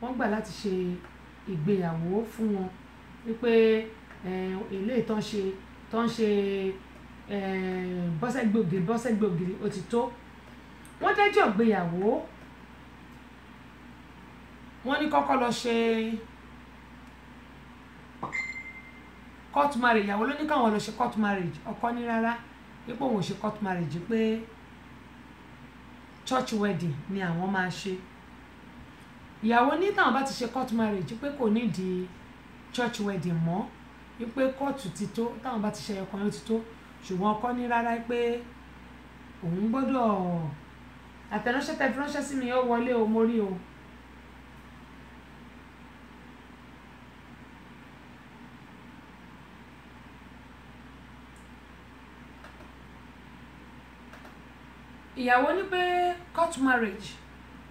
wọ́n gbà láti ṣe ìgbéyàwó fún wọn wípé ilé ìtàn ṣe tán ṣe bọ́sẹ̀gbògiri bọ́sẹ̀gbògiri ó ti tó wọ́n dájọ́ ìgbéyàwó wọ́n ní kọ́kọ́ lọ ṣe court marriage ìyàwó ló ní káwọn lọ ṣe court marriage ọkọ ní rárá pípò òun ṣe court marriage pé church wedding ni àwọn máa ṣe ìyàwó ní táwọn bá ti ṣe court marriage pé kò nídìí church wedding mọ́ wípé kóòtù ti tó táwọn bá ti ṣe ẹ̀kan yóò ti tó ṣùgbọ́n ọkọ ní rárá pé òun gbọ́dọ̀ àtẹ̀ránṣẹ́ tẹ fi ránṣẹ́ sí mi ó wọlé o mo rí o. ìyàwó ní pé court marriage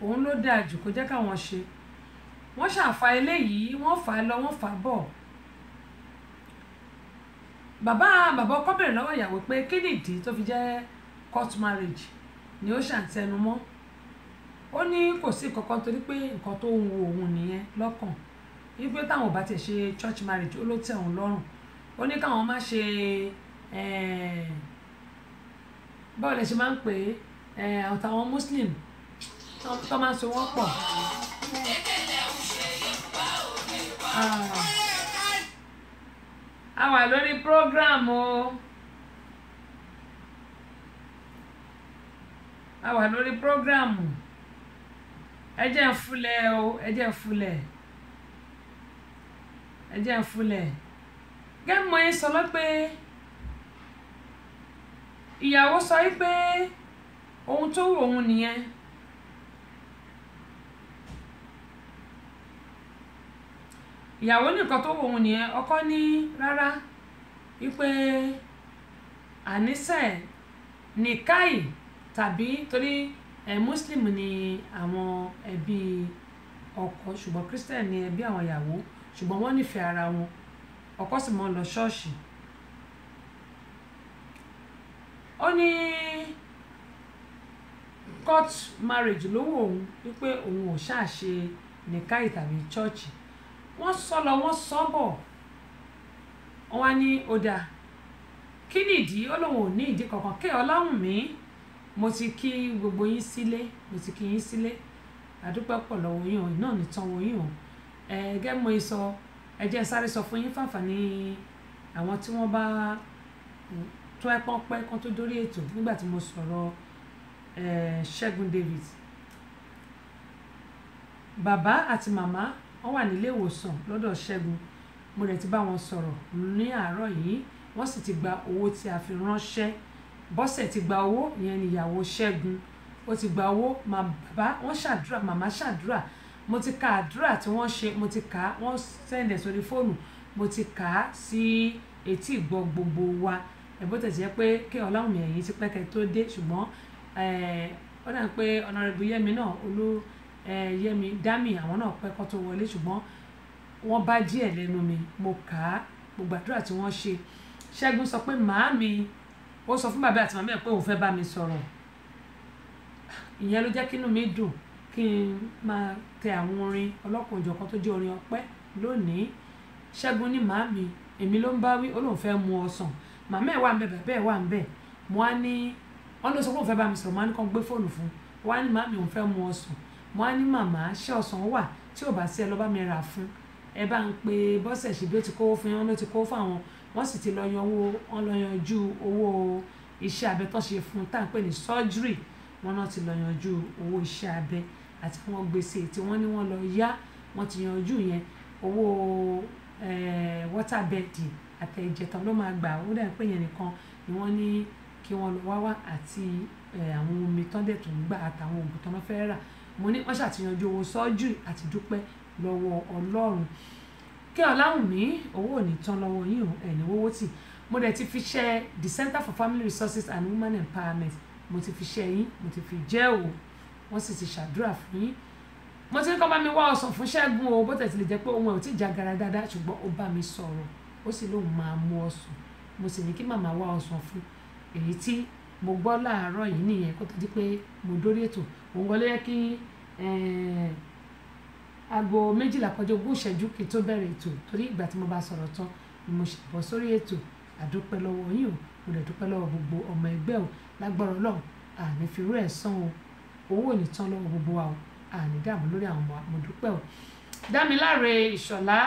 òun ló dáa jù kó jẹ́ káwọn ṣe wọ́n ṣàfà eléyìí wọ́n fà á lọ wọ́n fà á bọ̀ bàbá bàbá ọkọ bẹ̀rẹ̀ lọ́wọ́ ìyàwó pé kí nìdí tó fi jẹ́ court marriage ni ó ṣàǹtẹnu mọ́ ó ní kò sí kankan torí pé nǹkan tó ń wo òun nìyẹn lọ́kàn wípé táwọn bá ti ṣe church marriage ó ló tẹ́ òun lọ́rùn ó ní káwọn má ṣe eh, báwo lẹ ṣe máa ń pè é eh, àwọn muslim tó máa ń so wọ́n pọ̀. Ah. a wà lórí program o. a wà lórí program ẹ ń fúlẹ̀ o ẹ jẹ́ ń fúlẹ̀ ẹ jẹ́ ń fúlẹ̀ gẹ́gbọ́n yín sọ lọ́pẹ́ ìyàwó sọ wípé ohun tó wù òun nìyẹn ìyàwó nìkan tó wò òun nìyẹn ọkọ ní rárá wípé ànísẹ̀ nìkáì tàbí torí ẹ̀ muslim ni àwọn ẹbí ọkọ ṣùgbọ́n christian ni ẹbí àwọn ìyàwó ṣùgbọ́n wọ́n nífẹ̀ẹ́ ara wọn ọkọ sì mọ́ lọ ṣọ́ọ̀ṣì ó ní court marriage ló wù òun wípé òun ò ṣáà ṣe nìkáì tàbí chọ́ọ̀chì wọ́n sọ lọ wọ́n sọ bọ̀ wọ́n ní ó dáa kí nìdí ó lóun ò ní ìdí kankan kí ọlọ́run mi mo ti kí gbogbo yín sílé mo ti kí yín sílé àdúpẹ́ pọ̀ lọ́wọ́ yín o náà ní tán wọ́n yín o ẹ̀ẹ́dẹ́ mo sọ ẹ jẹ́ sáré sọ fún yín fàǹfààní àwọn tí wọ́n bá tó ẹ pọ́npẹ́ kan tó dórí ètò nígbà tí mo sọ̀rọ̀ Ṣẹ́gun David bàbá àti màmá wọ́n wà nílé ìwòsàn lọ́dọ̀ Ṣẹ́gun mo rẹ̀ ti bá wọn sọ̀rọ̀ ní àárọ̀ yìí wọ́n sì ti gba owó tí a fi ránṣẹ́ bọ́sẹ̀ ti gba owó ìyẹn níyàwó Ṣẹ́gun ó ti gba owó bàbá wọ́n ṣàdúrà màmá ṣàdúrà mo ti ka àdúrà tí wọ́n ṣe mo ti kà á wọ́n sẹ́ndẹ̀ sórí fóònù mo ti kà á sí etí ìgbọ́ gbogbo wa ẹ̀bọ́n tẹ̀ jẹ́ pé kí Ọláwùmí ẹ̀yìn ti pẹ́kẹ́ tó dé ṣùgbọ́n ó dà pé ọ̀nàrẹ́bù Yẹmi náà olú yẹmi dami àwọn náà pẹ́ kọ́ tó wọlé ṣùgbọ́n wọ́n bá díẹ̀ lẹ́nu mi mo kà á gbogbo àdúrà tí wọ́n ṣe ṣẹ́gun sọ pé màámi ó sọ fún bàbá àti màmí ẹ̀ pé òun fẹ́ bá mi sọ̀rọ̀ ìyẹn ló jẹ́ kínú mi dùn kí n máa tẹ àwọn orin ọlọ́kùnjọ̀kan tó jẹ́ orin ọpẹ́ lónìí ṣẹ́gun ní màámi èmi ló ń bá wí olóhùn fẹ́ mu ọsàn màmá ẹ̀ wà ń bẹ̀ bàbá ẹ̀ wà ń bẹ̀ mo á ní wọ́n ló sọ pé òun fẹ́ bá mi sọ̀rọ̀ mo á ní kàn gbé fóònù fún wọ́n á ní màámi òun fẹ́ mu ọsàn mo á ní màmá ṣé ọ̀sán wà tí ò bá sí ẹ lọ bá mi rà fún ẹ bá ń pe bọ́sẹ̀ ṣe bí ó ti kówó fún yẹn wọn ló ti kówó fún àwọn wọ́n sì ti lọ yan owó wọn lọ yanjú owó iṣẹ́ abẹ tó ṣe fún tá à ń pè ní surgery wọn náà ti lọ yanjú owó iṣẹ́ abẹ àti àwọn gbèsè tí wọ́n ní wọ́n lọ yá wọ́n ti yanjú yẹn owó waterbed àtẹ̀jẹ̀tàn ló máa gbà ó dà pé yẹn nìkan ni wọ́n ní kí wọ́n lọ wá wá àti àwọn omi tọ́ndẹ̀ tó ń gbà àtàwọn oògùn tó ń fẹ́ rà mo ní wọ́n ṣàtìyànjú owó sọ́jú àti dúpẹ́ lọ́wọ́ ọlọ́run kí ọláwùmí owó ò ní tán lọ́wọ́ yín o ẹ̀ ní owó tì mo dẹ̀ ti fi ṣe the center for family resources and women empowerment mo ti fi ṣe yín mo ti fi jẹ́ o wọ́n sì ti ṣàdúrà fún yín mo ti ní kọ́ bá mi wá ọsàn fún ṣẹ́gun o bó tẹ̀ ti lè jẹ́ pé òun ẹ̀ ò tí ì jagara dáadáa ṣùgbọ́n ó bá mi sọ̀rọ̀ ó sì lóun máa mú ọsàn mo sì ní kí màmá wá ọsàn fún èyí tí mo gbọ́ láàárọ̀ yìí nìyẹn kó tó di pé mo dórí ètò òun gan ló yẹ kí eh, aago méjìlá kọjá ogún ìṣẹ́jú kí n tó bẹ̀rẹ̀ ètò torí ìgbà tí mo bá sọ̀rọ̀ tán ni mo ṣe bọ́ sórí ètò àdúpẹ́ lọ́wọ́ yín o mo dẹ̀ dúpẹ́ lọ́wọ́ gbogbo ọmọ ẹgbẹ́ o lágbára Ọlọ́run àní firú ẹ̀ sán o owó ò ní tán lọ́wọ́ gbogbo wa o àní dààmú lórí àwọn ọmọ mo dúpẹ́ o Dámiláre Ìṣọ̀lá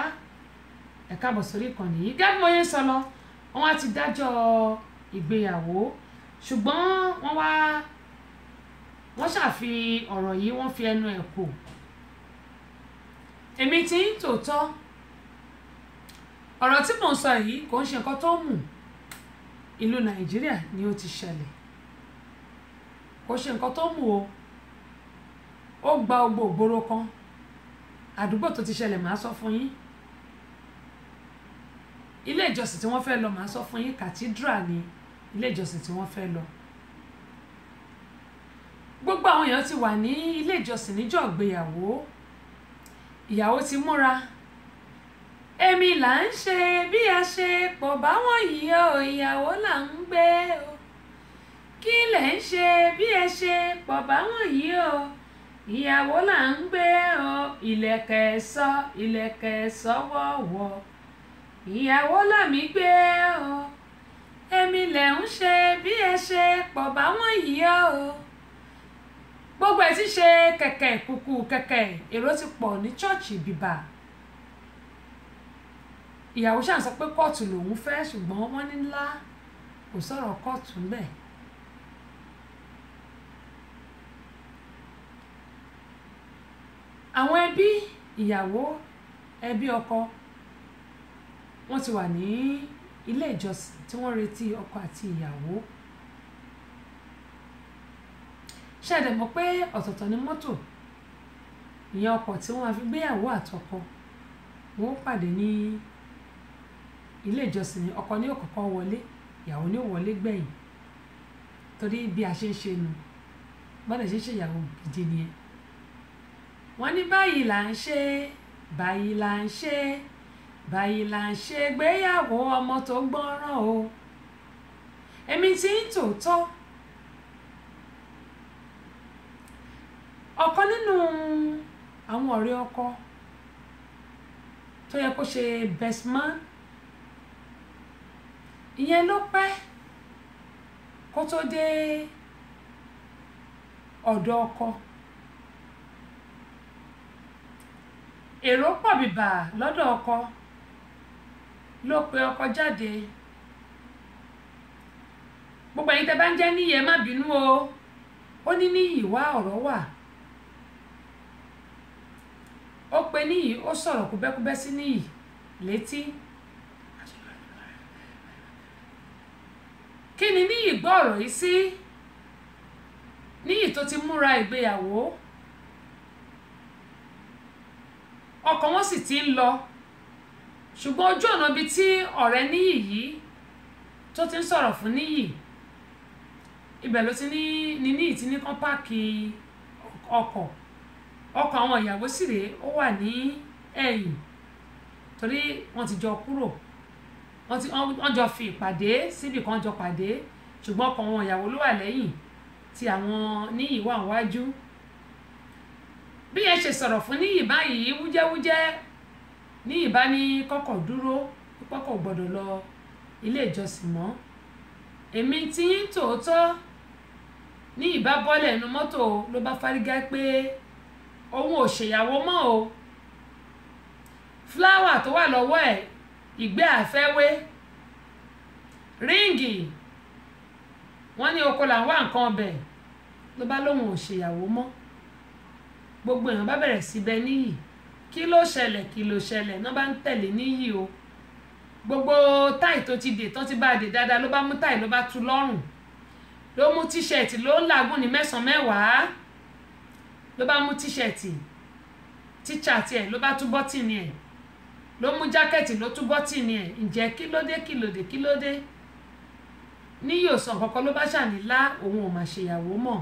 ẹ káàbọ̀ sórí ìkànnì yìí gẹ́gẹ́ mo yẹn sọ lọ wọ́n ti dájọ́ ìgbéyàwó ṣùgbọ́n wọ́n wá wọ́n ṣàfi ọ̀rọ̀ yìí wọ́n fi ẹnu ẹ̀ kò èmi ti ń tòótọ́ ọ̀rọ̀ tí mò ń sọ yìí kò ń ṣe nǹkan tó mú ìlú nàìjíríà ni ó ti ṣẹlẹ̀ kò ṣe nǹkan tó mú o ó gba gbogbo ògbóró kan àdúgbò tó ti ṣẹlẹ̀ màá sọ fún yín ilé ìjọsìn tí wọ́n fẹ́ lọ màá sọ fún yín cathedral ni ilé ìjọsìn tí wọ́n fẹ́ lọ gbogbo àwọn èèyàn ti wà ní ilé ìjọsìn níjọ́ ìgbéyàwó ìyàwó ti múra èmi là ń ṣe bí a ṣe pọ̀ báwọn yìí o ìyàwó là ń gbé o kí lẹ̀ ń ṣe bí ẹ ṣe pọ̀ báwọn yìí o ìyàwó là ń gbé o ìlẹ̀kẹ̀ sọ ìlẹ̀kẹ̀ sọ́wọ́wọ́ ìyàwó là mí gbé o èmi lẹ̀ ń ṣe bí ẹ ṣe pọ̀ báwọn yìí o gbogbo ẹ̀ ti ṣe kẹ̀kẹ́ kùkù kẹ̀kẹ́ èrò ti pọ̀ ní chọ́ọ̀chì bìbà ìyàwó ṣáà sọ pé kóòtù lòun fẹ́ ṣùgbọ́n wọ́n ní ńlá kò sọ̀rọ̀ kóòtù ńbẹ̀. àwọn ẹbí ìyàwó ẹbí ọkọ wọ́n ti wà ní ilé ìjọsìn tí wọ́n retí ọkọ àti ìyàwó ṣẹ̀dẹ̀ mọ̀ pé ọ̀tọ̀ọ̀tọ̀ ni mọ́tò ìyẹn ọkọ̀ tí wọ́n fi gbéyàwó àtọkọ wọ́n pàdé ní ilé ìjọsìn ọkọ ní òkọ̀kọ́ wọlé ìyàwó ní òwọlé gbẹ̀yìn torí bí a ṣe ń ṣe nu bọ́dà ṣe ń ṣe ìyàwó gidi nìyẹn wọ́n ní báyìí là ń ṣe báyìí là ń ṣe báyìí là ń ṣe gbéyàwó ọmọ tó gbọ́ràn o èmi ti ń tòótọ́ ọ̀kan nínú àwọn ọ̀rẹ́ ọkọ tó yẹ kó ṣe best ìyẹn ló pẹ́ kó tó dé ọ̀dọ̀ ọkọ èrò pọ̀ bìbà lọ́dọ̀ ọkọ ló pe ọkọ jáde gbogbo ẹ̀yin tẹ́ bá ń jẹ́ níyẹn má bínú o ó ní ní ìwà ọ̀rọ̀ wà. ó pe níyì ó sọ̀rọ̀ kúbẹ́kúbẹ́ sí níyì létí kí ni níyì gbọ́ ọ̀rọ̀ yìí sí níyì tó ti múra ìgbéyàwó ọkàn wọn sì ti ń lọ ṣùgbọ́n ojú ọ̀nà bíi tí ọ̀rẹ́ níyì yìí tó ti ń sọ̀rọ̀ fún níyì ibẹ̀ ló ti ní níyì ti ní kán páàkì ọkọ̀ ọkọ àwọn ìyàwó sì rèé ó wà ní ẹ̀yìn torí wọ́n ti jọ kúrò wọ́n jọ fi ìpàdé síbi kan jọ pàdé ṣùgbọ́n ọkọ àwọn ìyàwó ló wà lẹ́yìn tí àwọn níyì wà wájú bí yẹn ṣe sọ̀rọ̀ fún níyì báyìí wújẹ́wújẹ́ níyì bá ní kọ́kọ́ dúró pípọ́kọ̀ gbọ́dọ̀ lọ ilé ìjọsìn mọ́ èmi tí ń tòótọ́ níyì bá bọ́lẹ̀ nu mọ́tò ló bá fárígá pé òun ò ṣèyàwó mọ́ o fúláwà tó wà lọ́wọ́ ẹ̀ ìgbẹ́ àfẹ́wé ríǹgì wọ́n ní oko là ń wá nǹkan ọbẹ̀ ló bá lóun ò ṣèyàwó mọ́ gbogbo èèyàn bá bẹ̀rẹ̀ sí bẹ níyì kí ló ṣẹlẹ̀ kí ló ṣẹlẹ̀ náà bá ń tẹ̀lé níyì o gbogbo táì tó ti dè tó ti bá dè dáadáa ló bá mú táì ló bá tu lọ́rùn ló mú tíṣẹ̀tì ló ń làágùn ní mẹ́sàn-án mẹ́wàá ló bá mú tíṣẹ̀tì tíṣà tiẹ̀ ló bá tún bọ́tìnì ẹ̀ ló mú jákẹ́ẹ̀tì ló tún bọ́tìnì ẹ̀ ǹjẹ́ kí ló dé kí ló dé kí ló dé ní yóò sàn kọ́kọ́ ló bá ṣànílá òun ò mà ṣèyàwó mọ̀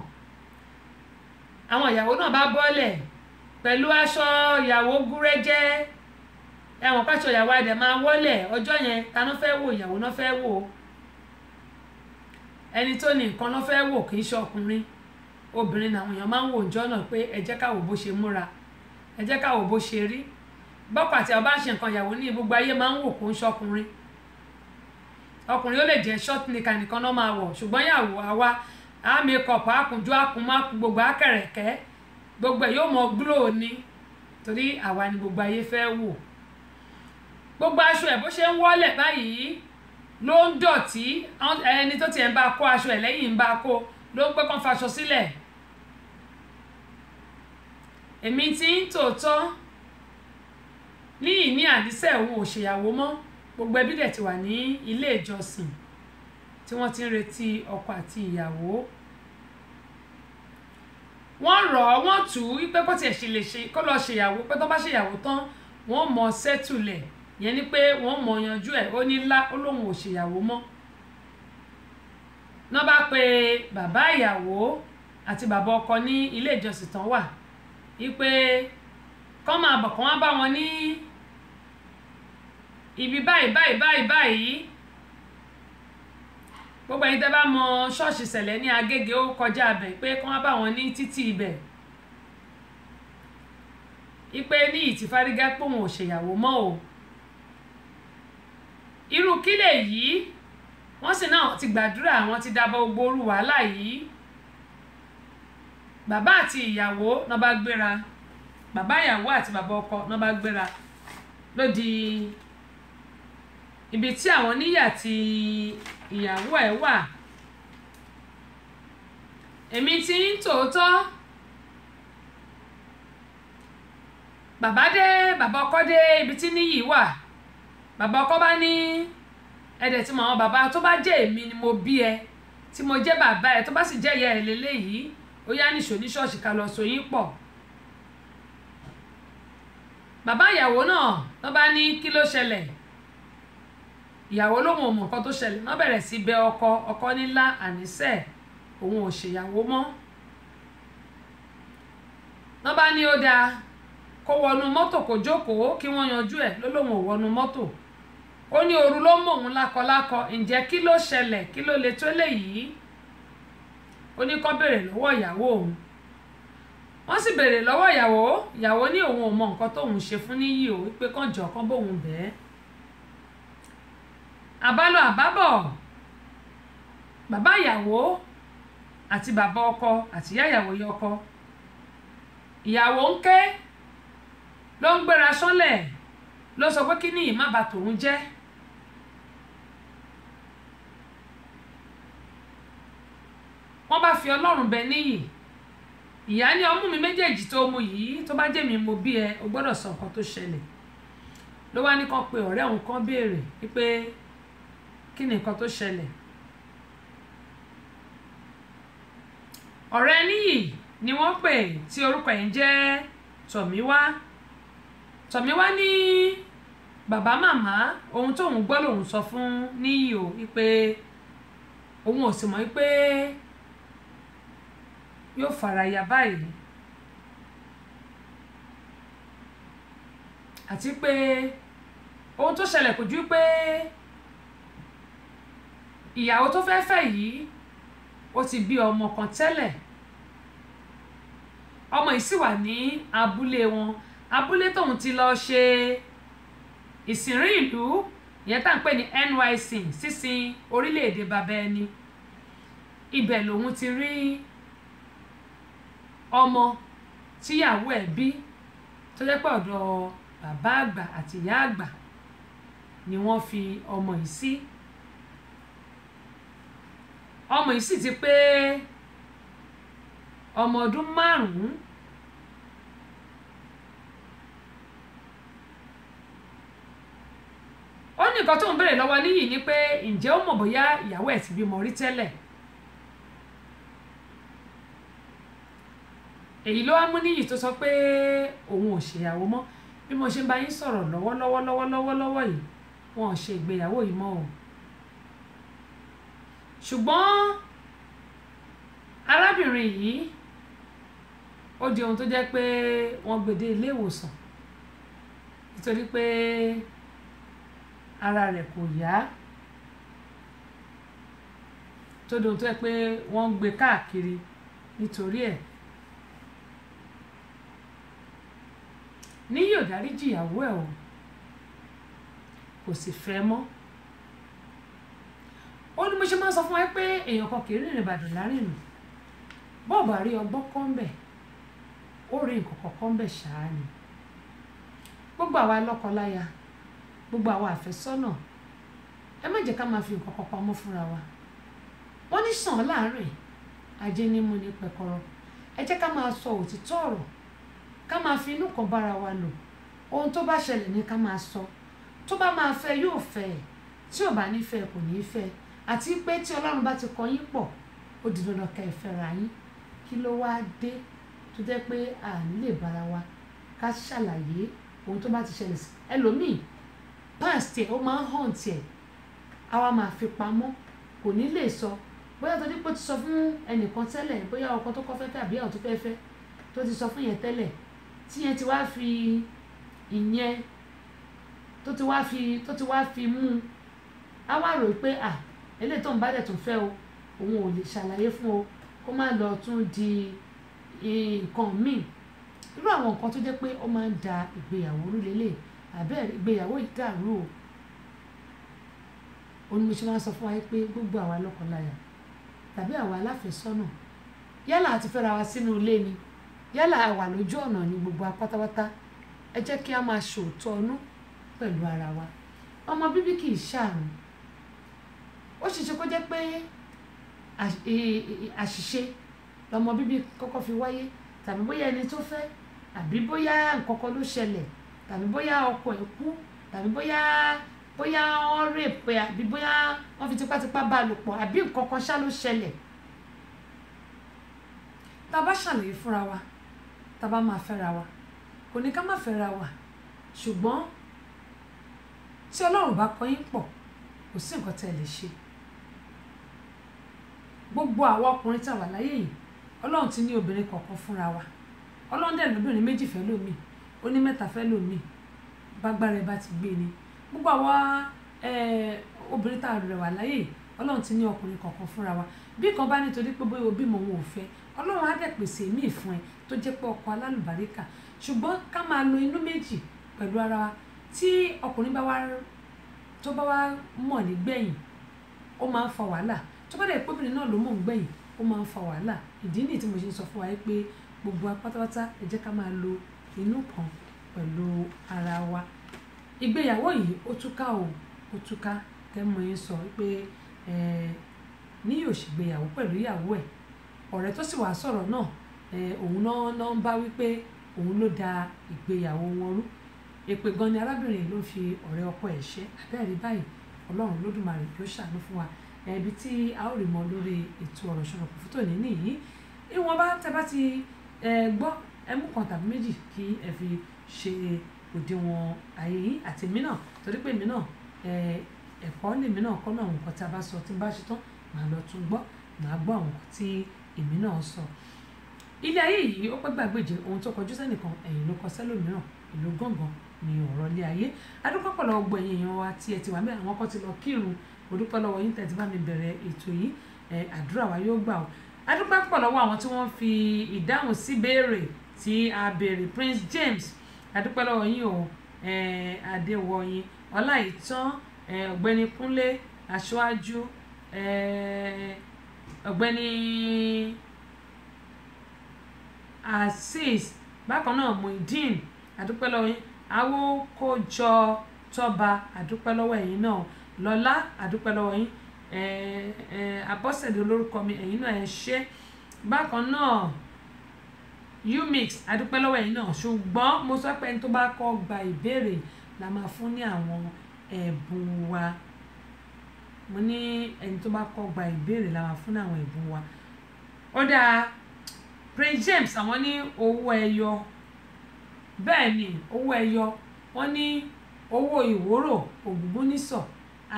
àwọn ìyàwó náà bá bọ́lẹ̀ pẹ̀lú aṣọ ìyàwó gúrẹ́jẹ́ ẹ̀wọ̀n pàṣọ ìyàwó adẹ̀ máa wọ́lẹ̀ ọjọ́ yẹn ta ló fẹ́ wò ìyàwó náà fẹ́ wò ẹni tó ní nǹkan náà fẹ́ wò kì í ṣọkùnrin obìnrin làwọn èèyàn máa ń wò jọ́ náà pé ẹ jẹ́ káwò bó ṣe múra ẹ jẹ́ káwò bó ṣe rí bọ́kọ àti ọba ṣe nǹkan ìyàwó ní gbogbo ayé máa ń wò kó ń ṣọkùnrin ọkùnrin ó lè jẹ́ short nìkan nìkan náà máa wọ̀ ṣùgbọ́n ìyàwó àwa á mẹ́kọ̀pù àkùnjú àkùnmọ́ gbogbo akẹ̀rẹ̀kẹ́ gbogbo ẹ̀ yóò mọ gúlò ní torí àwa ni gbogbo ayé fẹ́ wò gbogbo aṣọ ẹ̀ bó ṣe ń wọ́lẹ̀ báyìí ló ń dọ̀tí ẹni tó tiẹ̀ ń bá kó aṣọ ẹ̀ lẹ́yìn ń bá kó ló ń pẹ́ kàn faṣọ sílẹ̀ èmi ti ń tòótọ́ ní ìní àdísẹ́ òun ò ṣèyàwó mọ́ gbogbo ẹbí dẹ̀ ti wà ní ilé ìjọsìn tí wọ́n ti ń retí ọkọ àti ìyàwó wọ́n rọ̀ ọ́ wọ́n tù ú pé kó tiẹ̀ ṣe lè ṣe kó lọ ṣèyàwó pé tó bá ṣèyàwó tán wọ́n mọ sẹ́tùlẹ̀ yẹn ni pé wọ́n mọ yanjú ẹ̀ ó ní lá ó lóun ò ṣèyàwó mọ́ náà bá pe bàbá ìyàwó àti bàbá ọkọ ní ilé ìjọsìn tán wà ipe kán máa bọ̀ kán wá bá wọn ní ibi báyìí báyìí báyìí báyìí gbogbo ẹ̀yin tẹ́ bá mọ ṣọ́ọ̀ṣì ṣẹlẹ̀ ní agége ó kọjá abẹ pé kán wá bá wọn ní títì ibẹ̀ ipe ní ìtìfárígá pòun ò ṣèyàwó mọ́ o irú kílẹ̀ yìí wọ́n sì náà ti gbàdúrà wọ́n ti dábọ̀ gbogbo wàhálà yìí bàbá àti ìyàwó náà bá gbéra bàbá ìyàwó àti bàbá ọkọ náà bá gbéra ló di ibi tí àwọn níyà àti ìyàwó ẹ̀ wà èmi ti ń tòótọ́ bàbá dé bàbá ọkọ dé ibi tí níyì wà bàbá ọkọ bá ní ẹ̀dẹ̀ tí mo àwọn bàbá tó bá jẹ́ èmi ni mo bí ẹ tí mo jẹ́ bàbá ẹ tó bá sì jẹ́ ìyá ẹ lélẹ́yìí ó yá nìṣó ní ṣọ́ọ̀ṣì ká lọ so yín pọ̀ bàbá ìyàwó náà wọ́n bá ní kí ló ṣẹlẹ̀ ìyàwó lòun ò mọ̀ nǹkan tó ṣẹlẹ̀ wọ́n bẹ̀rẹ̀ sí bẹ ọkọ ọkọ nílá àníṣe òun ò ṣèyàwó mọ́ wọ́n bá ní ó dáa kó wọnú mọ́tò kó jókòó kí wọ́n yanjú ẹ̀ ló lòun ò mọ́tò ó ní òru ló mọ̀ òun lákọlákọ ǹjẹ́ kí ló ṣẹlẹ̀ kí ló le tó lè yìí ó ní kó béèrè lọ́wọ́ ìyàwó òun wọ́n sì béèrè lọ́wọ́ ìyàwó ìyàwó ní òun ò mọ nǹkan tóun ṣe fún níyì o wípé kàn jọ kán bóun bẹ́ẹ̀ àbálọ àbábọ̀ bàbá ìyàwó àti bàbá ọkọ àti ìyá ìyàwó yọ ọkọ ìyàwó ń ké ló ń gbéra sánlẹ̀ ló sọ pé kí ni ìmábà tòun jẹ́ wọ́n bá fi ọlọ́run bẹ níyì ìyá ní ọmú mi méjèèjì tó mu yìí tó bá jẹ́ mi mo bí ẹ o gbọ́dọ̀ sọ nǹkan tó ṣẹlẹ̀ ló wá ní kan pé ọ̀rẹ́ òun kan béèrè wípé kí ni nǹkan tó ṣẹlẹ̀ ọ̀rẹ́ níyì ni wọ́n pè tí orúkọ ẹ̀ ń jẹ́ tọ̀míwá tọ̀míwá ní bàbá màmá ohun tóun gbọ́ lòun sọ fún níyì o wípé òun ò sì mọ̀ wípé yóò fara ya báyìí àti pé ohun tó ṣẹlẹ̀ kò ju pé ìyàwó tó fẹ́ fẹ́ yìí ó ti bí ọmọ kan tẹ́lẹ̀ ọmọ yìí sì wà ní abúlé wọn abúlé tóun ti lọ ṣe ìsìnrí ìlú ìyẹn tá à ń pè ní NYC sísin orílẹ̀-èdè bàbá ẹni ibẹ̀ lòun ti rí ọmọ tíyàwó ẹ̀ bí tó jẹ́ pé ọ̀dọ̀ bàbá àgbà àti ìyá àgbà ni wọ́n fi ọmọ yìí sí ọmọ yìí sì ti pé ọmọ ọdún márùn-ún ó ní nǹkan tó ń béèrè lọ́wọ́ níyì ni pé ǹjẹ́ ó mọ̀ bóyá ìyàwó ẹ̀ ti bímọ rí tẹ́lẹ̀ èyí ló wá mú níyì tó sọ pé òun ò ṣèyàwó mọ́ bí mo ṣe ń bá yín sọ̀rọ̀ lọ́wọ́lọ́wọ́ lọ́wọ́lọ́wọ́ yìí wọn ò ṣe ìgbéyàwó yìí mọ́ o ṣùgbọ́n arábìnrin yìí ó di ohun tó jẹ́ pé wọ́n gbèdé ilé ìwòsàn nítorí pé ara rẹ̀ kò yá tó di ohun tó jẹ́ pé wọ́n ń gbé káàkiri nítorí ẹ̀ ní yóò dáríjì ìyàwó ẹ̀ o kò sì fẹ́ mọ́ ó ní mo ṣe máa ń sọ fún wa pé èèyàn kan kì í rìnrìn ìbàdàn lárìnrìn bọ́ọ̀bù àrí ọgbọ́n kan bẹ̀ ó rí nǹkan kọ̀ọ̀kan bẹ̀ ṣáá ni gbogbo àwa lọ́kọláya gbogbo àwa àfẹ́sọ́nà ẹ má jẹ́ ká máa fi nǹkan kan pamọ́ fúnra wa wọ́n ní sàn láàárín ajé nímú ní pẹ̀kọ̀rọ̀ ẹ jẹ́ ká máa sọ òtítọ́ ọ̀rọ̀ ká máa fi inú kan bára wa lò ohun tó bá ṣẹlẹ̀ ní ká máa sọ tó bá máa fẹ́ yóò fẹ́ ẹ̀ tí ò bá ní fẹ́ kò ní fẹ́ àti pé tí ọlọ́run bá ti kọ yín pọ̀ ó di dandan ká ẹ fẹ́ra yín kí ló wá dé tó jẹ́ pé à ń lè bára wa ká ṣàlàyé ohun tó bá ti ṣẹlẹ̀ sí ẹlòmíì past tiẹ̀ ó máa ń hàn tiẹ̀ àwa máa fi pamọ́ kò ní lè sọ bóyá torí pé ó ti sọ fún ẹnìkan tẹ́lẹ̀ bóyá ọkọ tó kọ́ fẹ́ fẹ́ àwọn tó fẹ́ fẹ́ tó ti sọ fún yẹn tẹ́lẹ̀ tíyẹn ti wá fi ìyẹn tó ti wá fi tó ti wá fi mú un á wá rò pé à eléyìí tó ń bá dẹ̀ tún fẹ́ o òun ò lè ṣàlàyé fún o kó má lọ tún di nǹkan míì irú àwọn nǹkan tó jẹ́ pé ó máa ń da ìgbéyàwó rú lélẹ̀ àbẹ́ ìgbéyàwó yìí dàrú o onímọ̀ṣẹ́ máa ń sọ fún wa pé gbogbo àwa lọ́kọláya tàbí àwa aláfẹ́sọ́nà yálà àti fẹ́ra wa sínú ilé ni yálà a wà lójú ọ̀nà ní gbogbo apátápátá ẹ jẹ́ kí a máa ṣòótọ́ ọnú pẹ̀lú ara wa ọmọ bíbí kì í ṣàrùn ó ṣeṣe kó jẹ́ pé àṣìṣe lọmọ bíbí kọ́kọ́ fi wáyé tàbí bóyá ẹni tó fẹ́ àbí bóyá nǹkan kan ló ṣẹlẹ̀ tàbí bóyá ọkọ ẹ̀ kú tàbí bóyá bóyá wọ́n rèpè àbí bóyá wọ́n fi tipátipá bá a lò pọ̀ àbí nǹkan kan ṣá ló ṣẹlẹ̀ tá a bá ṣàlàyé fúnra wa tá a bá máa fẹ́ra wa kò ní ká má fẹ́ra wa ṣùgbọ́n tí ọlọ́run bá kọ́ yín pọ̀ kò sí nǹkan tẹ́ ẹ lè ṣe gbogbo àwa ọkùnrin tá a wà láyé yìí ọlọ́run ti ní obìnrin kọ̀ọ̀kan fúnra wa ọlọ́run dẹ̀ lóbìnrin méjì fẹ́ lómi ó mẹ́ta fẹ́ lómi bágbára ẹ bá ti gbé ni gbogbo àwa obìnrin tá a rẹwà láyé yìí ọlọ́run ti ní ọkùnrin kọ̀ọ̀kan fúnra wa bí kan bá nítorí pé bóyá òbí mọ̀ òun ò fẹ́ ọlọ́run á dẹ̀ pèsè míì fún ẹ tó jẹ́ pé ọkọ alálùbáríkà ṣùgbọ́n ká máa lo inú méjì pẹ̀lú ara wa tí ọkùnrin bá wá tó bá wá mọ̀ nígbẹ̀yìn ó máa ń fa wàhálà tó bá dẹ̀ pé obìnrin náà ló mọ̀ nígbẹ̀yìn ó máa ń fa wàhálà ìdí nìyí tí mo ṣe ń sọ fún wa pé gbogbo apátápátá ẹ jẹ́ ká máa lo inú kan pẹ̀lú ara wa ìgbéyàwó yìí ó túká o ó túká tẹ́ mo ń sọ pé Eh, níyì ò ṣègbéyàwó pẹ̀lú ìyàwó ẹ̀ ọ̀rẹ́ tó sì wàá sọ̀rọ̀ náà eh, òun náà náà ń bá wípé òun ló da ìgbéyàwó wọn rú èpè gan ni arábìnrin ló fi ọ̀rẹ́ ọkọ ẹ̀ ṣe abẹ́rẹ́ báyìí ọlọ́run lódùmarè yóò ṣàánú fún wa ẹbí eh, tí a ó rí mọ lórí ètò ọ̀rọ̀ ṣọ̀rọ̀ kò fún tòní nìyí ìwọ̀n bá tẹ bá ti gbọ́ ẹmú kan tàbí méjì kí ẹ fi ṣe òdiwọ̀n ayé yìí àti èmi náà torí pé èmi náà ẹ̀kọ́ lèmi náà kọ́ náà nǹkan tí a bá sọ tí n bá ṣe tán màá lọ tún gbọ́ màá gbọ́ àwọn nǹkan tí èmi náà sọ. ilé ayé yìí ó pẹ́ gbàgbéje ohun tó kọjú sẹ́nìkan ẹ̀yìn ló kọ sẹ́lòmíràn ìlú gángan ni ọ̀rọ̀ ilé ayé adúpọ̀pọ̀ lọ gbọ́ ẹ̀yìn èèyàn wa tí ẹ ti wà mẹ́ àwọn kan ti lọ kírun òdúpẹ́ yín tẹ̀sí mi bẹ̀rẹ̀ ètò yìí àdúrà wa yóò gbà ọ́ adúpọ̀pọ̀ lọ́wọ́ àwọn tí wọ́n fi ìdáhùn sí béèrè tí a béèrè Prince James adúpẹ́ lọ́wọ́ yín o adéwọ̀yìn ọláìtàn Eh, ọ̀gbẹ́ni kúnlé aṣáájú eh, ọ̀gbẹ́ni azeez bákan náà muideen àdúpẹ́ lọ́wọ́ yín awokojọ tọba àdúpẹ́ lọ́wọ́ ẹ̀yin náà lọ́lá àdúpẹ́ lọ́wọ́ yín eh, abọ́sẹ̀dé olórúkọ mi ẹ̀yin náà ẹ̀ ṣe bákan náà umix àdúpẹ́ lọ́wọ́ ẹ̀yin náà ṣùgbọ́n mo sọ pé ẹni tó bá kọ́ gba ìbéèrè la máa fún ní àwọn ẹ̀bùn wa mo ní ẹni tó bá kọ́ gba ìbéèrè la máa fún àwọn ẹ̀bùn wa ó dáa Prince James àwọn ní owó ẹyọ bẹ́ẹ̀ ni owó ẹyọ wọ́n ní owó ìwúrò ògúngúnnísọ̀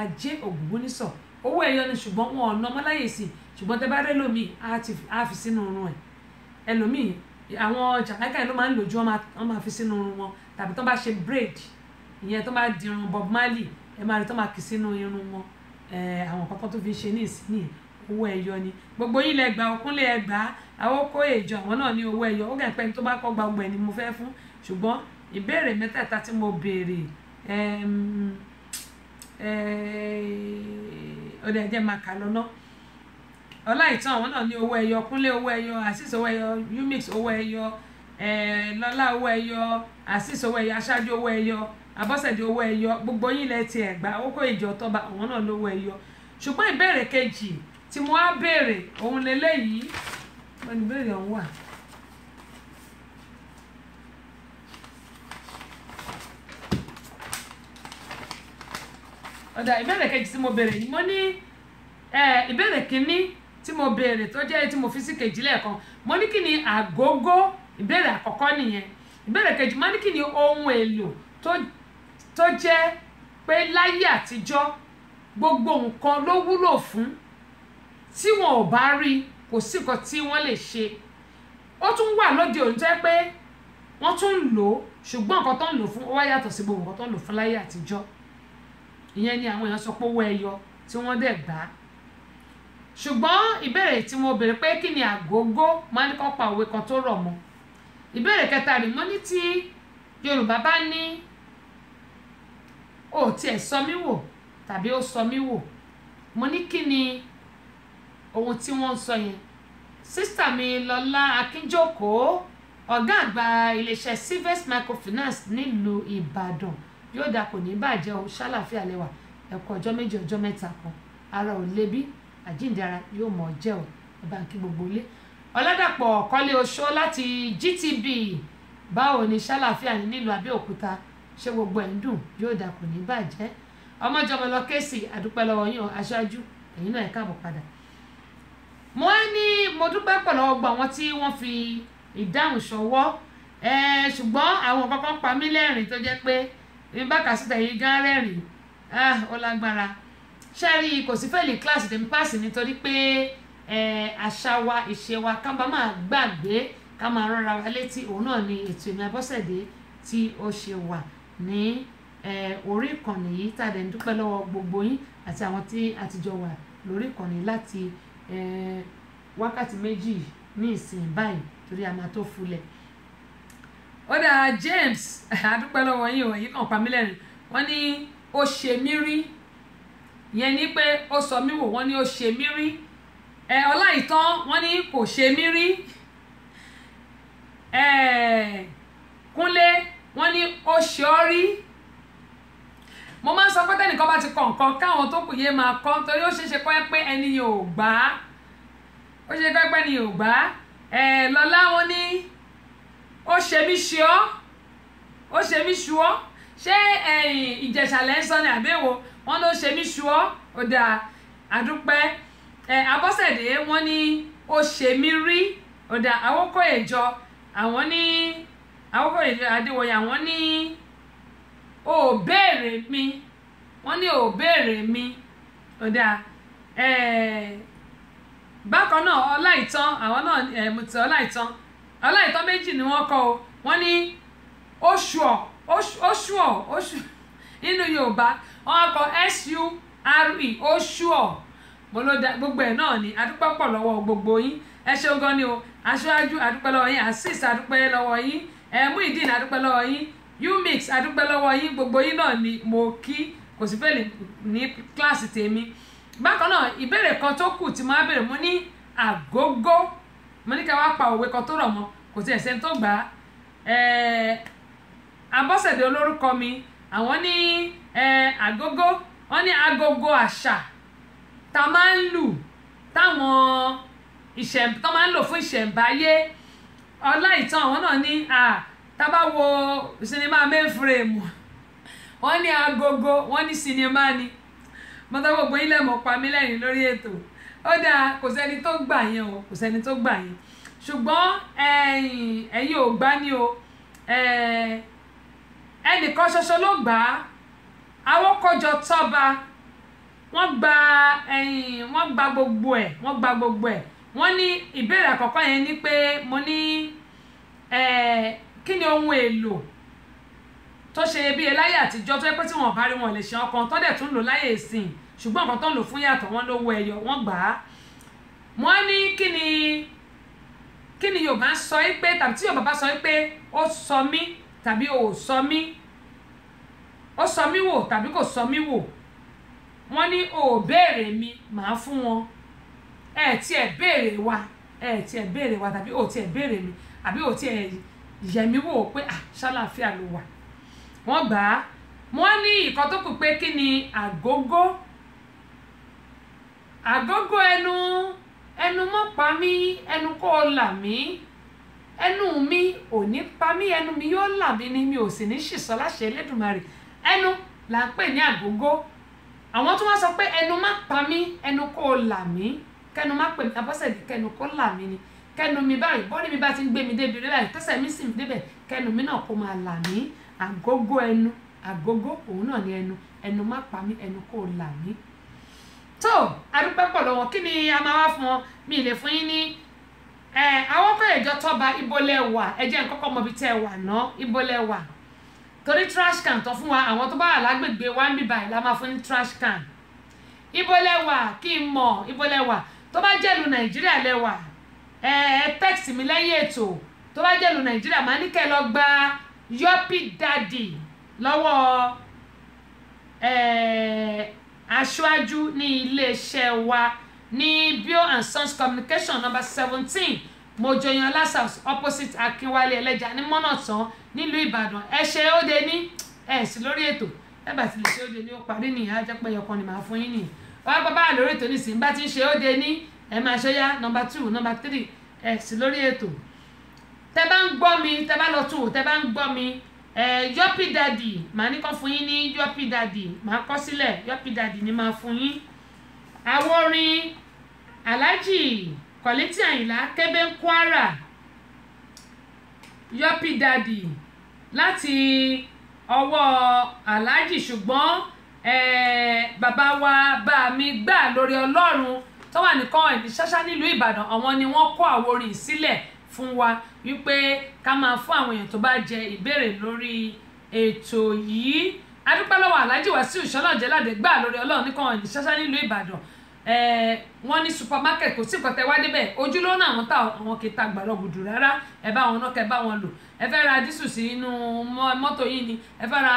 ajé ògúngúnnísọ̀ owó ẹyọ ni ṣùgbọ́n wọn ò ná ọmọláyè sí ṣùgbọ́n tẹ bá rẹ lómi á fi sínú oorun ẹ̀ ẹlòmíì àwọn jàǹkà ló máa ń lò ju wọn máa fi sínú oorun wọn tàbí tó bá ṣe braid ìyẹn tó máa dirun Bob Marley ẹ máa rí tó máa kì sínú irun wọn àwọn kankan tó fi ṣe ní ìsìn owó ẹyọ ni gbogbo yín lẹ gbà Òkúnlé ẹ gbà àwọn kó èjọ àwọn náà ní owó ẹyọ ó gàn pé tó bá kọ́ gba ọgbà ẹni mo fẹ́ fún ṣùgbọ́n ìbéèrè mẹ́tẹ̀ẹ̀ta tí mo béèrè ọdẹ ẹjẹ máa kà lọ náà ọláìtàn àwọn náà ní owó ẹyọ kúnlé owó ẹyọ àṣìṣe owó ẹyọ umix owó ẹyọ lọlá owó ẹyọ àṣìṣe owó ẹyọ aṣáájú owó ẹyọ Abọ́sẹ̀dé owó ẹyọ gbogbo yín lẹ ti ẹ̀gbá owó ìjọ tọ́ba àwọn náà lówó ẹyọ ṣùgbọ́n ìbéèrè kejì tí mo á béèrè òun lélẹ́yìí wọ́n ní béèrè ọ̀hún wà. ọ̀dà ìbéèrè kejì tí mo béèrè yìí mo ní ìbéèrè kínní tí mo béèrè tó jẹ́ tí mo fi sí kejì lẹ́ẹ̀kan mo ní kí ni àgógó ìbéèrè àkọ́kọ́ nìyẹn ìbéèrè kejì mo ní kí ni ohun èlò tó tó jẹ́ pé láyé àtijọ́ gbogbo nǹkan ló wúlò fún tí wọn ò bá rí kò sí nǹkan tí wọ́n lè ṣe ó tún wà lóde òní tó jẹ́ pé wọ́n tún ń lò ó ṣùgbọ́n nǹkan tó ń lò fún ó wá yàtọ̀ sí gbogbo nǹkan tó ń lò fún láyé àtijọ́ ìyẹn ni àwọn èèyàn sọ pé owó ẹyọ tí wọ́n dẹ̀ gbà á ṣùgbọ́n ìbéèrè tí mo béèrè pé kí ni àgógó máa ní kọ́ pa òwe kan tó rọ̀ mọ́ ìbéèrè kẹta rè mo ní tí Yorùbá bá ní ò tiẹ̀ sọ mí wò tàbí ó sọ mí wò mo ní kí ni ohun tí wọ́n ń sọ yẹn sísítà mi lọ́lá akínjókòó ọ̀gá àgbà iléeṣẹ́ cives microfinance nílùú ìbàdàn yóò dà kò ní bàjẹ́ o ṣàlàfíà lẹ́wà ẹ̀kọ́ ọjọ́ méjì ọjọ́ mẹ́ta kan ara ò lebi àjíǹde ara yóò mọ̀ jẹ́ o ẹ̀bá ń kí gbogbo ilé ọ̀làdàpọ̀ kọ́lé oṣó láti GTB báwo ni ṣàlàfíà nílùú abẹ́òkúta ṣé gbogbo ẹ̀ ń dùn yóò dà kù ní bàjẹ́ ọmọjọmọ lọ kẹ́sì àdúpẹ́ lọ́wọ́ yín aṣáájú ẹ̀yin náà ẹ káàbọ̀ padà mo á ní mo dúpẹ́ pọ̀ lọ́wọ́ gbọ́ àwọn tí wọ́n fi ìdáhùn ṣọwọ́ ṣùgbọ́n àwọn kankan pa mí lẹ́rìn tó jẹ́ pé mi bá kà síta yìí gan rẹ́rìn ah, ó lágbára ṣáàrí kò sí fẹ́ẹ̀lì kíláàsì tèmi páàsì nítorí pé àṣà wa ìṣe wa ká bá máa gbàgbé ká máa rọra wa létí òun náà ni ètò ìmọ̀ abọ́sẹ̀dé tí ó ṣe wà ní orí ìkànnì yìí tá a dẹ̀ ń dúpẹ́ lọ́wọ́ gbogbo yín àti àwọn tí a ti wà lórí ìkànnì láti wákàtí méjì ní ìsìn báyìí torí a máa tó fulẹ̀. ó dáa James adúpẹ́ lọ́wọ́ yín o èyí kan pa mí lẹ́rìn wọ́n ní ó ṣe mí rí yẹn ni pé ó sọ mí wò wọ́n ní ó ṣe mí rí ẹ ọláìtàn wọ́n ní kò ṣe mí rí ẹ kúnlé wọ́n ní ó ṣe ọ́ rí mo máa ń sọ pé tẹ́nìkan bá ti kọ nǹkan káwọn tó kù yé máa kọ́ torí ó ṣeéṣe kọ́ ẹ pé ẹni yóò gbà á ó ṣeéṣe kọ́ ẹ pé ẹni yóò gbà á ẹ̀ lọ́lá wọn ní ó ṣe mí ṣe ọ́ ó ṣe mí ṣu ọ́ ṣé ẹ̀yìn ìjẹ̀ṣà ni àbẹ́wò wọ́n ló ṣe mí ṣu ọ́ ó dáa àdúpẹ́ ẹ̀ abọ́sẹ̀dé wọ́n ní ó ṣe mí rí ó dáa àwọn kò èjọ àwọn ní. Ni àwọn fòyè adéwọyà wọ́n ní o ò béèrè mi wọ́n ní o ò béèrè mi ọ̀dà bákan náà ọláìtàn àwọn náà mo ti ọláìtàn ọláìtàn méjì ni wọ́n kọ o wọ́n ní oṣù ọ̀ oṣù ọ̀ oṣù nínú yorùbá wọ́n kọ s-u-r-e oṣù ọ̀ mo ló da gbogbo ẹ̀ náà ni adúpẹ́ pọ̀ lọ́wọ́ gbogbo yín ẹ ṣeun gan ni o aṣáájú adúpẹ́ lọ́wọ́ yín àṣìṣe adúpẹ́ lọ́wọ́ yín ẹ Muyideen adúpẹ́ lọ́wọ́ yín umix adúpẹ́ lọ́wọ́ yín gbogbo yín náà ni mo kí kò sí fẹ́lẹ̀ ní kíláàsì tèmi bákan náà ìbéèrè kan tó kù tí máa béèrè mo ní àgógó mo ní ká wá pa òwe kan tó rọ̀ mọ́ kò tí ẹ̀ sẹ́ni tó gbà á abọ́sẹ̀dé olórúkọ mi àwọn ní àgógó wọ́n ní agogo àṣà tá a máa ń lù táwọn ìṣẹ̀m tó máa ń lò fún ìṣẹ̀ǹbáyé ọláìtàn àwọn náà ní à tábà wo sinimá mainframe wọ́n ní agogo wọ́n ní sinimá ni mọ́tò gbogbo ilẹ̀ mọ̀ pa mí lẹ́yìn lórí ètò ó dáa kò sẹ́ni tó gbà yẹn o kò sẹ́ni tó gbà yẹn ṣùgbọ́n ẹ̀yin ò gbá ní o ẹnìkan ṣoṣo ló gbà á awọ́kọ̀jọ tọ́ba wọ́n gba gbogbo ẹ̀ wọ́n gba gbogbo ẹ̀ wọ́n ní ìbéèrè àkọ́kọ́ yẹn ni pé mo ní kí ni ohun èlò tó ṣe bí ẹ láyé àtijọ́ tó yẹ pé tí wọ́n bá rí wọn lè ṣe ọkàn tó dẹ̀ tún lò láyé ìsìn ṣùgbọ́n nǹkan tó ń lò fún yàtọ̀ wọn lówó ẹyọ wọn gbà á wọ́n ní kí ni kí ni Yorùbá sọ yí pé tàbí tí Yorùbá sọ yí pé ó sọ mí tàbí ò sọ mí ó sọ mí wò tàbí kò sọ mí wò wọ́n ní ò béèrè mi màá fún wọn ẹ tiẹ̀ béèrè wa ẹ tiẹ̀ béèrè wa tàbí ò tiẹ̀ béèrè mi àbí ò tiẹ̀ yẹ̀mí wò ó pé à ah, ṣàlàáfíà ló wà wọ́n gbà á wọ́n ní ìkan tó kù pé kí ni àgógó àgógó ẹnu ẹnu mọ́ pa mí ẹnu kó o là mí ẹnu mi ò ní pa mí ẹnu mi yóò là mí ni mi ò sì ní ṣìṣọ́ láṣẹ Elédùmarè ẹnu là ń pè ní àgógó àwọn tó wá sọ pé ẹnu má pa mí ẹnu kó là mí kẹnu má pè mí abọ́sẹ̀ ní kẹnu kó là mí ni kẹnu mi báyìí bọ́ọ̀lì mi bá ti ń gbé mi débi rẹ báyìí tẹ́sẹ̀ mi sì ń débẹ̀ kẹnu mi náà kó máa là mí àgógó ẹnu àgógó òun náà ni ẹnu ẹnu má pa mí ẹnu kó là mí. tó adúpẹ́ pọ̀ lọ́wọ́ kí ni a máa wá fún ọ mi lè fún yín ní ẹ àwọn kọ́ ẹ̀jọ́ tọ́ba ibolẹ̀ wà ẹ jẹ́ nkọ́kọ́ mọbi tẹ́ ẹ wà ná ibolẹ̀ wà torí trash can tán fún wa àwọn tó bá wà lágbègbè wa ń bíbáyìí la máa fún ní trash can ibolẹ̀ wà kí n mọ̀ ibolẹ̀ tó bá jẹ́ ìlú nàìjíríà lẹ́wà ẹ ẹ tẹ́ksì mi lẹ́yìn ètò tó bá jẹ́ ìlú nàìjíríà máa ní kẹ́ lọ gba yọpì dàdì lọ́wọ́ ẹ aṣáájú ní iléeṣẹ́ wa ní bio and sons communication number seventeen mojoyan lasas opposite akínwálé ẹlẹ́jà ní mọ́nàtán nílùú ìbàdàn ẹ ṣe ó de ní ẹ sì lórí ètò ẹ bá ti lè ṣe ó de ní ó parí nìyẹn á jẹ́ pé ni màá fún yín nìyẹn wá bá bá lórí ètò nísìnyí bá ti ń ṣe ó de ní ẹ máa ṣe yá nọmba two nọmba three ẹ sì lórí ètò tẹ bá ń gbọ́ mi tẹ bá lọ tù tẹ bá ń gbọ́ mi ẹ yọpì dàdì màá ní kàn fún yín ní yọpì dàdì màá kọ sílẹ̀ yọpì dàdì ni màá fún yín àwọn orin aláàjì kọ̀lẹ́tì àyìnlá kébé ń kwara yọpì dàdì láti ọwọ́ aláàjì ṣùgbọ́n bàbá wa bá mi gbà lórí ọlọ́run tó wà nìkan ìdí ṣáṣá nílùú ìbàdàn àwọn ni wọ́n kó àwọn orin sílẹ̀ fún wa wípé ká máa fún àwọn èèyàn tó bá jẹ ìbéèrè lórí ètò yìí adúpẹ́ lọ́wọ́ aláàjì wàsíù ṣọlọ́ọ̀jẹ́ láde gbà lórí ọlọ́run nìkan ìdí ṣáṣá nílùú ìbàdàn wọ́n ní supermarket kò sí nǹkan tẹ́ wá débẹ̀ ojúlówó náà wọ́n ta àwọn kìta gbàrọ̀ gùdù rárá ẹ bá wọn náà kẹ́ bá wọn lò ẹ fẹ́ ra dísù sí inú mọ́tò yìí ni ẹ fẹ́ ra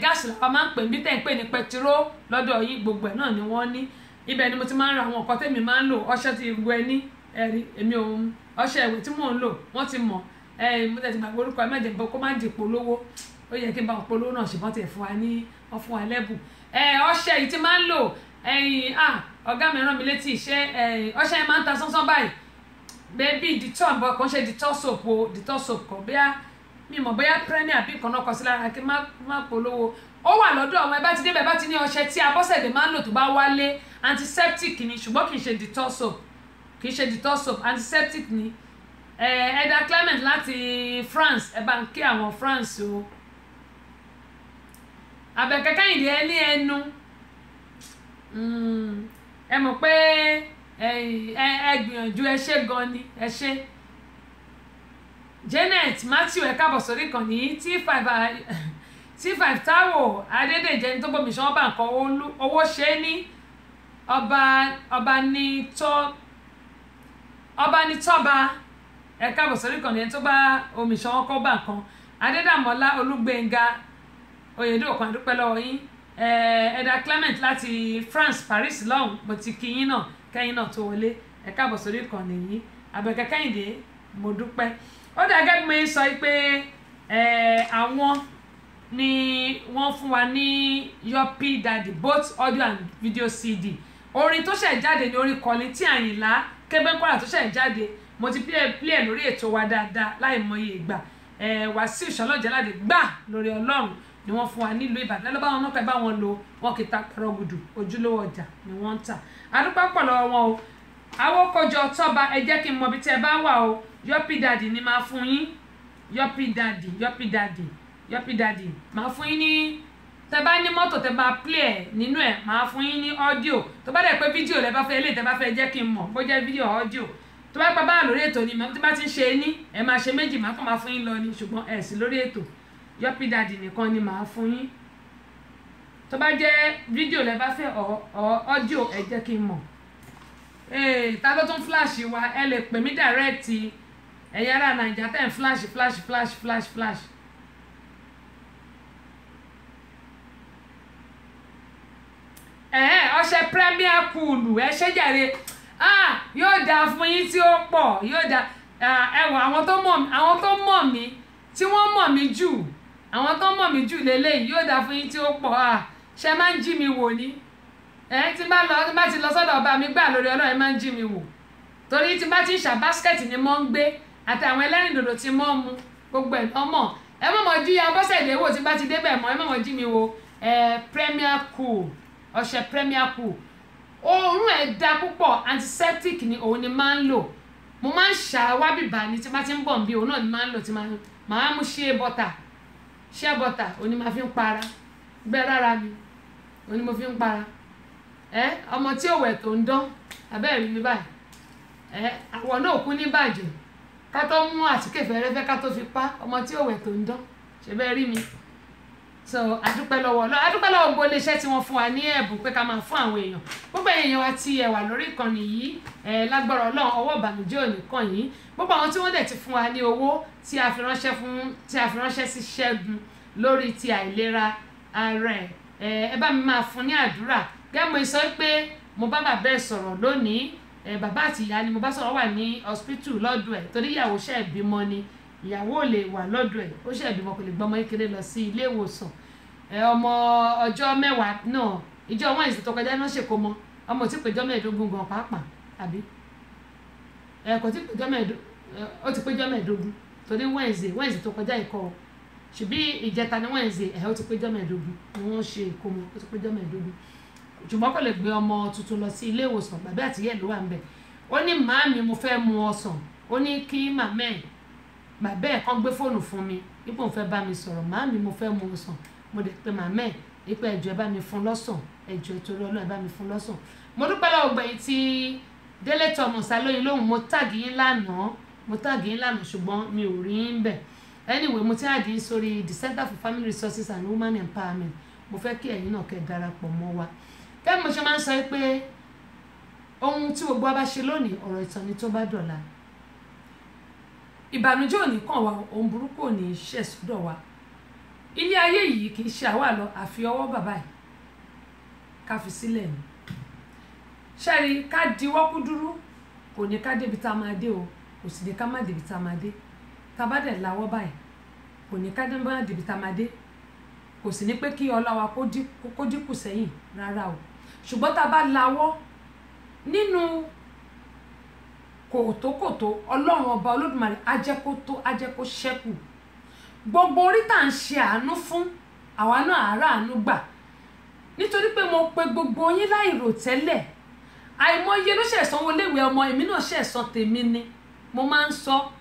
gáàsì làwọn máa ń pè bí tẹ̀ ń pè ní pẹtiró lọ́dọ̀ yìí gbogbo ẹ̀ náà ni wọ́n ní ibẹ̀ ni mo ti máa ń ra àwọn nǹkan tèmi máa ń lò ọṣẹ ti wẹ ní ẹ̀rí èmi òun ọṣẹ ìwé tí mò ń lò wọ́n ti mọ̀ mo tẹ̀ ti gbàgbé orúkọ ẹ̀ mẹ́jẹ̀ kó má di polówó ó yẹ kí n bá wọn polówó náà ṣùgbọ́n tẹ̀ fún wa ní wọ́n wa lẹ́bùn ọṣẹ yìí ti máa ń lò ọ̀gá mi rán mi létí iṣẹ́ ọṣẹ yẹn máa ń ta sánsán báyìí bẹ́ẹ̀ bí dìtọ́ àbọ̀ kan ṣe dìtọ́ soap dìtọ́ soap kan mi mọ̀ bóyá premier àbí ìkànnà kọ sí lára kí n má polówó ó wà lọ́dọ̀ àwọn ẹ bá ti débẹ̀ bá ti ní ọṣẹ tí abọ́sẹ̀dé máa ń lò tó bá wálé antiseptic ni ṣùgbọ́n kì í ṣe Dettol soap kì í ṣe Dettol soap antiseptic ni ẹ̀ẹ́dà Clement láti France ẹ bá ń kí àwọn France o Àbẹ̀kẹ́kẹ́yìndé ẹ ní ẹnu hmm, ẹ mọ̀ pé ẹ gbìyànjú ẹ ṣe gan ni ẹ ṣe. Janet Matthew ẹ káàbọ̀ sórí ìkànnì t5 t5 Táíwò Adédèjẹ ní tó gbòmí sọ ọba nǹkan owó ṣe é ní ọba ọba ní tọ́ ọba ní tọ́ba ẹ káàbọ̀ sórí ìkànnì ẹni tó bá omi sọ ọkọ̀ ọba nǹkan Adédàmọ́lá Olúgbénga Oyèdókun àdúpẹ́ lọ́wọ́ yín ẹ̀ẹ́dà Clement láti France Paris lọ́hùn mo ti kí yín náà kẹ́yìn náà tó wọlé ẹ káàbọ̀ sórí ìkànnì yìí Àbẹ̀kẹ́ mo dúpẹ́ ó dà gẹ́gẹ́ bí mo sọ pé àwọn ni wọ́n fún wa ní yopi daddy both audio and video cd orin tó ṣẹ̀ jáde ní orin kọ̀lin tí àyìnlá kẹ́bẹ́ńkọ́là tó ṣẹ̀ jáde mo ti play ẹ̀ lórí ètò wa dáadáa láì mọye ìgbà wàsíù ṣọlọ́jẹ́láde gbà lórí ọlọ́run ni wọ́n fún wa nílùú ìbàdàn lọ́ba wọn náà bá wọn lò wọn kì í ta pẹ̀rọ̀gùdù ojúlówó ọjà ni wọ́n ń tà àdúpọ̀ pọ̀ lọ́wọ́ wọn o àwòkọ́jọ tọ́ba ẹ jẹ́ kí n mọ ibi tí ẹ bá wà o yọpì dàdì ni máa fún yín yọpì dàdì yọpì dàdì yọpì dàdì máa fún yín ní tẹ bá ní mọ́tò tẹ bá play ẹ̀ nínú ẹ̀ máa fún yín ní ọ́díò tó bá dẹ̀ pé fídíò lẹ bá fẹ́ eléyìí tẹ bá fẹ́ jẹ́ kí n mọ̀ bó jẹ́ fídíò ọ́díò tó bá pa bá lórí ètò ni tí bá ti ń ṣe é ní ẹ máa ṣe méjì máa kàn máa fún yín lọ ni ṣùgbọ́n ẹ̀ sí lórí ètò yọpì dàdì nìkan ni màá fún yín tó bá jẹ́ fídíò lẹ bá fẹ́ ọ́díò ẹ jẹ́ kí n mọ̀ ta ló tún fúláṣì wa ẹ lè pè mí dàrẹ́ẹ̀tì ẹ̀yin ará nàìjà tẹ̀ ń flash flash flash flash flash. ọṣẹ premier cool ẹ ṣe jàre ah, yóò dáa fún yín tí ó pọ̀ yóò da ah, ẹ wọ àwọn tó mọ̀ àwọn tó mọ̀ mí tí wọ́n mọ̀ mí jù àwọn tó mọ̀ mí jù lélẹ́yìn yóò dáa fún yín tí ó pọ̀ ah, ṣe máa ń jí mi wò ni ẹ tí bá lọ bá ti lọ sọ́dọ̀ ọba mi gbà lórí Ọlọ́run máa ń jí mi wò torí tí bá ti ń ṣà báskẹ̀tì ni mo ń gbé àtàwọn ẹlẹ́rìndòdò tí mọ́ mu gbogbo ẹ̀ ọmọ ẹ mọ̀mọ́ jí abọ́sẹ̀dé wò tí bá ti débẹ̀ mọ́ ẹ mọ̀mọ́ jí mi wo ẹ premier cool ọṣẹ premier cool òórùn ẹ̀ da púpọ̀ antiseptic ni òun ni máa ń lò mo máa ń ṣàwá bìbà ni tí bá ti ń bọ̀ nbí òun náà ni máa ń lò tí máa ń mú ṣé bọ́tà ṣé bọ́tà òun ni máa fi ń para gbẹ rárá mi òun ni mo fi ń para ẹ ọmọ tí òwẹ̀ tó ń dán abẹ́rẹ́ mi báyìí ẹ àwọ̀ náà kú ní bàjẹ́ ká tó mú àsìkè fẹ́rẹ́fẹ́ ká tó fi pa ọmọ tí òwẹ̀ tó ń dán ṣe bẹ́ẹ̀ rí mi so adúpẹ́ lọ́wọ́ lọ adúpẹ́ lọ́wọ́ gbogbo iléeṣẹ́ tí wọ́n fún wa ní ẹ̀bùn pé ká máa fún àwọn èèyàn gbogbo èèyàn wa ti ẹ̀wà lórí ìkànnì yìí ẹ̀ lágbára ọlọ́run ọwọ́ ìbànújẹ́ òní kàn yín gbogbo àwọn tí wọ́n dẹ̀ ti fún wa ní owó tí a fi ránṣẹ́ fún tí a fi ránṣẹ́ sí ṣẹ́gun lórí ti àìlera ara ẹ̀ ẹ bá mi máa fún ní àdúrà gẹ́gẹ́ sọ pé mo bá bàbá ẹ̀ sọ̀rọ̀ lónìí Eh, bàbá àti ìyá ni mo bá sọ̀rọ̀ wà ní hospital lọ́dọ̀ ẹ̀ torí ìyàwó ṣe ìbímọ ni ìyàwó ò lè wà lọ́dọ̀ ẹ̀ ó ṣe ìbímọ kò lè gbọ́mọ kékeré lọ sí ilé ìwòsàn eh, ọmọ ọjọ́ mẹ́wàá náà ìjọ wọn ìsìn tó kọjá náà ṣèkó mọ ọmọ tí péjọ mẹ́ẹ̀ẹ́dógún gan pàápàá àbí ẹ eh, kò tí péjọ mẹ́ẹ̀ẹ́dógún ó ti péjọ mẹ́ẹ̀ẹ́dógún torí Wednesday Wednesday tó kọjá ìkọ ṣùgbọ́n Wednesday ẹ̀ ó ti péjọ mẹ́ẹ̀ẹ́dógún ni wọ́n ṣe ìkómọ ó ti péjọ mẹ́ẹ̀ẹ́dógún jùmọ̀ kò lè gbé ọmọ tuntun lọ sí ilé ìwòsàn bàbá àtìyẹ́ ló wà ń bẹ̀ ó ní màámi mo fẹ́ mu ọsàn ó ní kí màmá ẹ̀ bàbá ẹ̀ kọ́ gbé fóònù fún mi ipò ń fẹ́ bá mi sọ̀rọ̀ màámi mo fẹ́ mu ọsàn mo dẹ̀ pe màmá ẹ̀ ipò ẹ̀jọ̀ ẹ̀ bá mi fún lọ́sàn ẹ̀jọ̀ ẹ̀ torí ọlọ́ọ̀ ẹ̀ bá mi fún lọ́sàn mo dúpẹ́ lọ́wọ́ gbẹ̀yìn tí délé tọmọ̀sá lóyún lóhùn mo tàgì yín lánàá mo tàgì yín lánàá ṣùgbọ́n mi ò rí yín bẹ̀ anyway mo ti àdí sórí the Center for Family Resources and Women Empowerment mo fẹ́ kí ẹ̀yin náà kẹ́ darapọ̀ mọ́ wa bẹ́ẹ̀ mo ṣe máa ń sọ pé ohun tí gbogbo wa bá ṣe lónìí ọ̀rọ̀ ìtàn ni tó bá dọ̀la ìbànújẹ́ òní kàn wá ohun burúkú òní ṣẹ̀ sọ́dọ̀ wa ilé ayé yìí kì í ṣe àwa lọ àfi ọwọ́ bàbá yìí ká fi sílẹ̀ ni ṣẹ́ẹ̀rí ká diwọ́ kú dúró kò ní ká débi tá a máa dé o kò sì ní ká má débi tá a máa dé tá a bá dẹ̀ lawọ́ báyìí kò ní ká débi tá a máa dé kò sì ní pé kí ọlá kó dínkù sẹ́yìn rárá o ṣùgbọ́n tá a bá lawọ́ nínú kòtókòtó ọlọ́run ọba olódùmarè ajẹ́kótó ajẹ́kó ṣẹ́kù gbogbo orí tá à ń ṣe àánú fún àwa náà àáràánú gbà nítorí pé mo pe gbogbo yín láì rò tẹ́lẹ̀ àìmọye ló ṣẹ̀sán wọléwé ọmọ èmi náà ṣẹ̀sán tèmi ni mo máa ń sọ so,